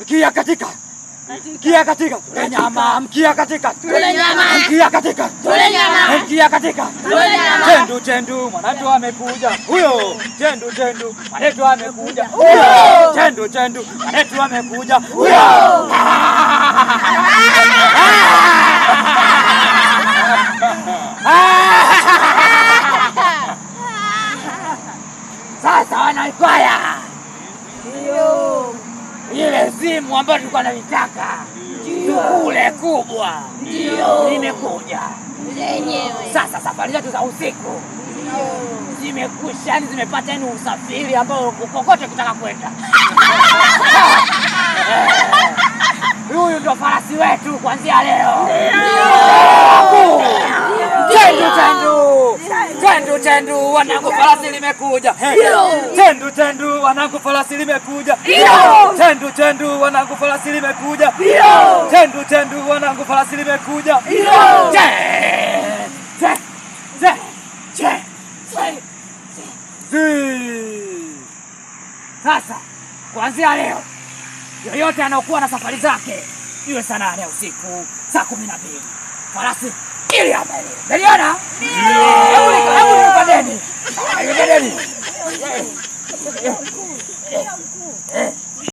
Mkia katika mkia katika tule nyama, mkia katika tule nyama, mkia katika tule nyama, mkia katika tule nyama. Chendu chendu mwanangu amekuja huyo, chendu chendu mwanangu amekuja huyo, chendu chendu mwanangu amekuja huyo. wanaifaya ndio ile simu ambayo tulikuwa tunataka, kule kubwa ndio imekuja yenyewe. Sasa safari zetu za usiku zimekusha, yani zimepata yani usafiri ambao kokote kutaka kwenda. Eh. Huyu ndo farasi wetu kuanzia leo. Tendu tendu wanangu farasi limekuja. Tendu tendu wanangu farasi limekuja. Tendu tendu wanangu farasi limekuja. Tendu tendu wanangu farasi limekuja. Sasa kuanzia leo yoyote anaokuwa na safari zake iwe saa nane usiku saa kumi na mbili farasi ili hapa ili. Naliona? Hebu niko, hebu niko kadeni. Kadeni.